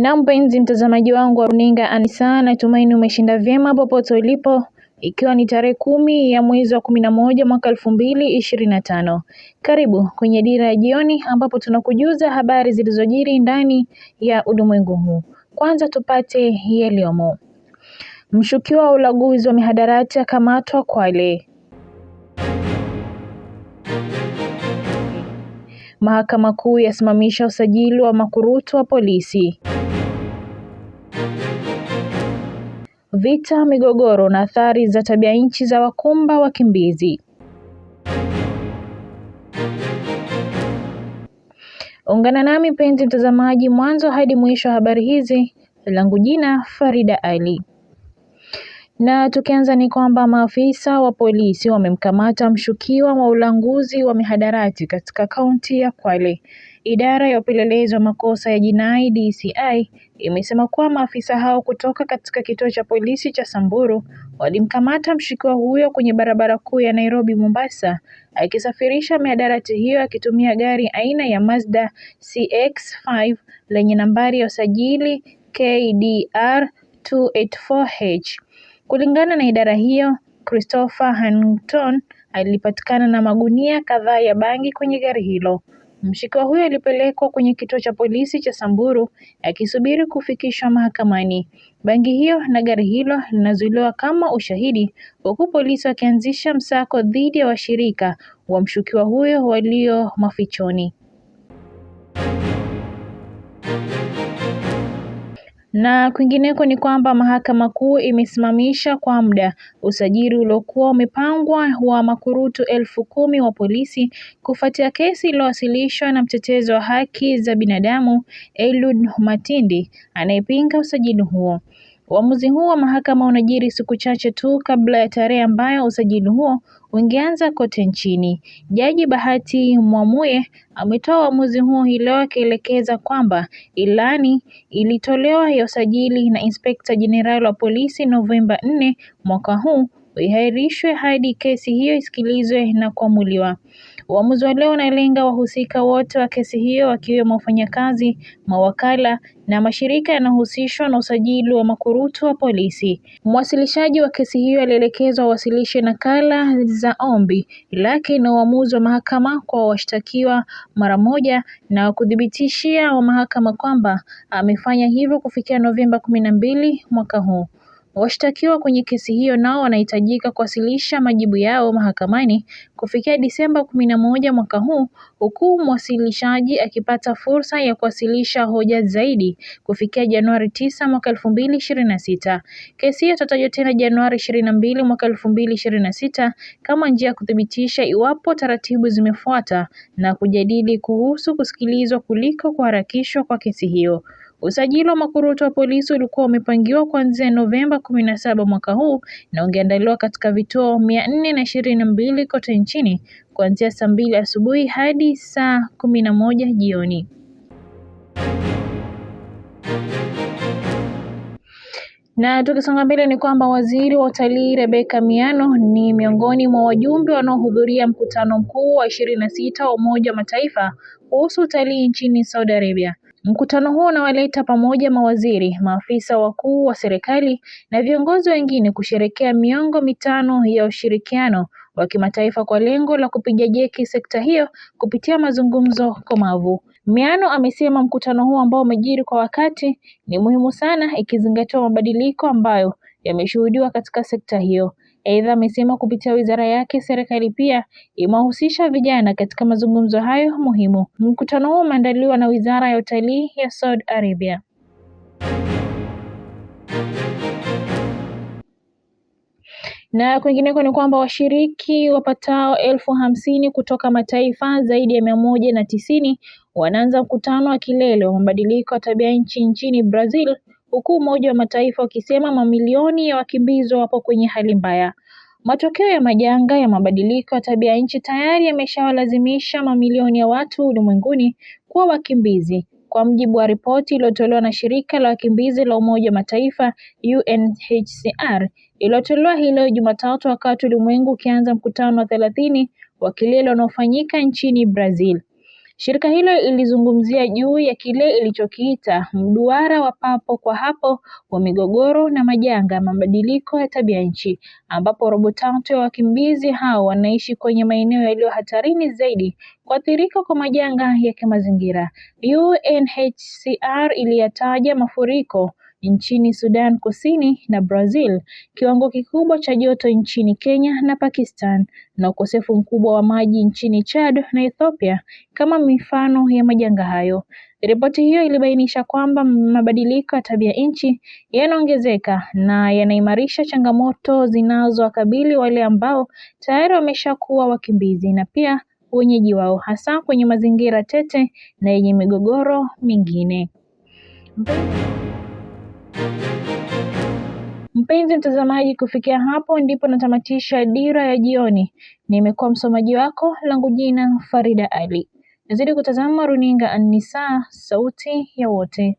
Na mpenzi mtazamaji wangu wa runinga Anisa, natumaini umeshinda vyema popote ulipo, ikiwa ni tarehe kumi ya mwezi wa kumi na moja mwaka elfu mbili ishirini na tano. Karibu kwenye Dira ya Jioni ambapo tunakujuza habari zilizojiri ndani ya ulimwengu huu. Kwanza tupate yaliyomo. Mshukiwa wa ulaguzi wa mihadarati akamatwa Kwale. Mahakama Kuu yasimamisha usajili wa makurutu wa polisi. vita, migogoro na athari za tabia nchi za wakumba wakimbizi. Ungana nami mpenzi mtazamaji, mwanzo hadi mwisho wa habari hizi. Langu jina Farida Ali. Na tukianza ni kwamba maafisa wa polisi wamemkamata mshukiwa wa ulanguzi wa mihadarati katika kaunti ya Kwale. Idara ya upelelezi wa makosa ya jinai DCI imesema kuwa maafisa hao kutoka katika kituo cha polisi cha Samburu walimkamata mshukiwa huyo kwenye barabara kuu ya Nairobi Mombasa akisafirisha mihadarati hiyo akitumia gari aina ya Mazda CX5 lenye nambari ya usajili KDR 284H. Kulingana na idara hiyo, Christopher Hannington alipatikana na magunia kadhaa ya bangi kwenye gari hilo. Mshukiwa huyo alipelekwa kwenye kituo cha polisi cha Samburu akisubiri kufikishwa mahakamani. Bangi hiyo na gari hilo linazuiliwa kama ushahidi, huku polisi wakianzisha msako dhidi ya washirika wa mshukiwa huyo walio mafichoni. Na kwingineko ni kwamba Mahakama Kuu imesimamisha kwa muda usajili uliokuwa umepangwa wa makurutu elfu kumi wa polisi kufuatia kesi iliyowasilishwa na mtetezi wa haki za binadamu Eliud Matindi anayepinga usajili huo. Uamuzi huu wa mahakama unajiri siku chache tu kabla ya tarehe ambayo usajili huo ungeanza kote nchini. Jaji Bahati Mwamuye ametoa uamuzi huo hii leo akielekeza kwamba ilani ilitolewa ya usajili na Inspekta Jenerali wa Polisi Novemba 4 mwaka huu ihairishwe hadi kesi hiyo isikilizwe na kuamuliwa. Uamuzi wa leo unalenga wahusika wote wa kesi hiyo wakiwemo wafanyakazi, mawakala na mashirika yanayohusishwa na usajili wa makurutu wa polisi. Mwasilishaji wa kesi hiyo alielekezwa wasilishe nakala za ombi lake na uamuzi wa mahakama kwa washtakiwa mara moja na kuthibitishia wa mahakama kwamba amefanya hivyo kufikia Novemba kumi na mbili mwaka huu. Washtakiwa kwenye kesi hiyo nao wanahitajika kuwasilisha majibu yao mahakamani kufikia Disemba kumi na moja mwaka huu huku mwasilishaji akipata fursa ya kuwasilisha hoja zaidi kufikia Januari tisa mwaka elfu mbili ishirini na sita. Kesi hiyo itatajwa tena Januari ishirini na mbili mwaka elfu mbili ishirini na sita kama njia ya kuthibitisha iwapo taratibu zimefuata na kujadili kuhusu kusikilizwa kuliko kuharakishwa kwa kesi hiyo. Usajili wa makuruto wa polisi ulikuwa umepangiwa kuanzia Novemba 17 mwaka huu na ungeandaliwa katika vituo 422 kote nchini kuanzia saa mbili asubuhi hadi saa 11 jioni. Na tukisonga mbele ni kwamba waziri wa utalii Rebecca Miano ni miongoni mwa wajumbe wanaohudhuria mkutano mkuu wa 26 wa Umoja wa Mataifa kuhusu utalii nchini Saudi Arabia. Mkutano huo unawaleta pamoja mawaziri, maafisa wakuu wa serikali na viongozi wengine kusherekea miongo mitano ya ushirikiano wa kimataifa kwa lengo la kupiga jeki sekta hiyo kupitia mazungumzo komavu. Miano amesema mkutano huo ambao umejiri kwa wakati ni muhimu sana ikizingatiwa mabadiliko ambayo yameshuhudiwa katika sekta hiyo. Aidha, amesema kupitia wizara yake serikali pia imewahusisha vijana katika mazungumzo hayo muhimu. Mkutano huo umeandaliwa na wizara ya utalii ya Saudi Arabia. Na kwingineko ni kwamba washiriki wapatao elfu hamsini kutoka mataifa zaidi ya mia moja na tisini wanaanza mkutano wa kilele wa mabadiliko ya tabia nchi nchini Brazil huku Umoja wa Mataifa ukisema mamilioni ya wakimbizi wapo kwenye hali mbaya. Matokeo ya majanga ya mabadiliko ya tabia nchi tayari yameshawalazimisha mamilioni ya watu ulimwenguni kuwa wakimbizi, kwa mjibu wa ripoti iliyotolewa na shirika la wakimbizi la Umoja wa Mataifa UNHCR iliyotolewa hii leo Jumatatu, wakati ulimwengu ukianza mkutano wa thelathini wa kilele unaofanyika nchini Brazil. Shirika hilo ilizungumzia juu ya kile ilichokiita mduara wa papo kwa hapo wa migogoro na majanga ya mabadiliko ya tabia nchi, ambapo robo tatu ya wakimbizi hao wanaishi kwenye maeneo yaliyo hatarini zaidi kuathirika kwa majanga ya kimazingira. UNHCR iliyataja mafuriko nchini Sudan Kusini na Brazil, kiwango kikubwa cha joto nchini Kenya na Pakistan, na ukosefu mkubwa wa maji nchini Chad na Ethiopia kama mifano ya majanga hayo. Ripoti hiyo ilibainisha kwamba mabadiliko ya tabia nchi yanaongezeka na yanaimarisha changamoto zinazowakabili wale ambao tayari wameshakuwa wakimbizi na pia wenyeji wao, hasa kwenye mazingira tete na yenye migogoro mingine. Mpenzi mtazamaji, kufikia hapo ndipo natamatisha Dira ya Jioni. Nimekuwa msomaji wako, langu jina Farida Ali. Nazidi kutazama runinga Anisa, sauti ya wote.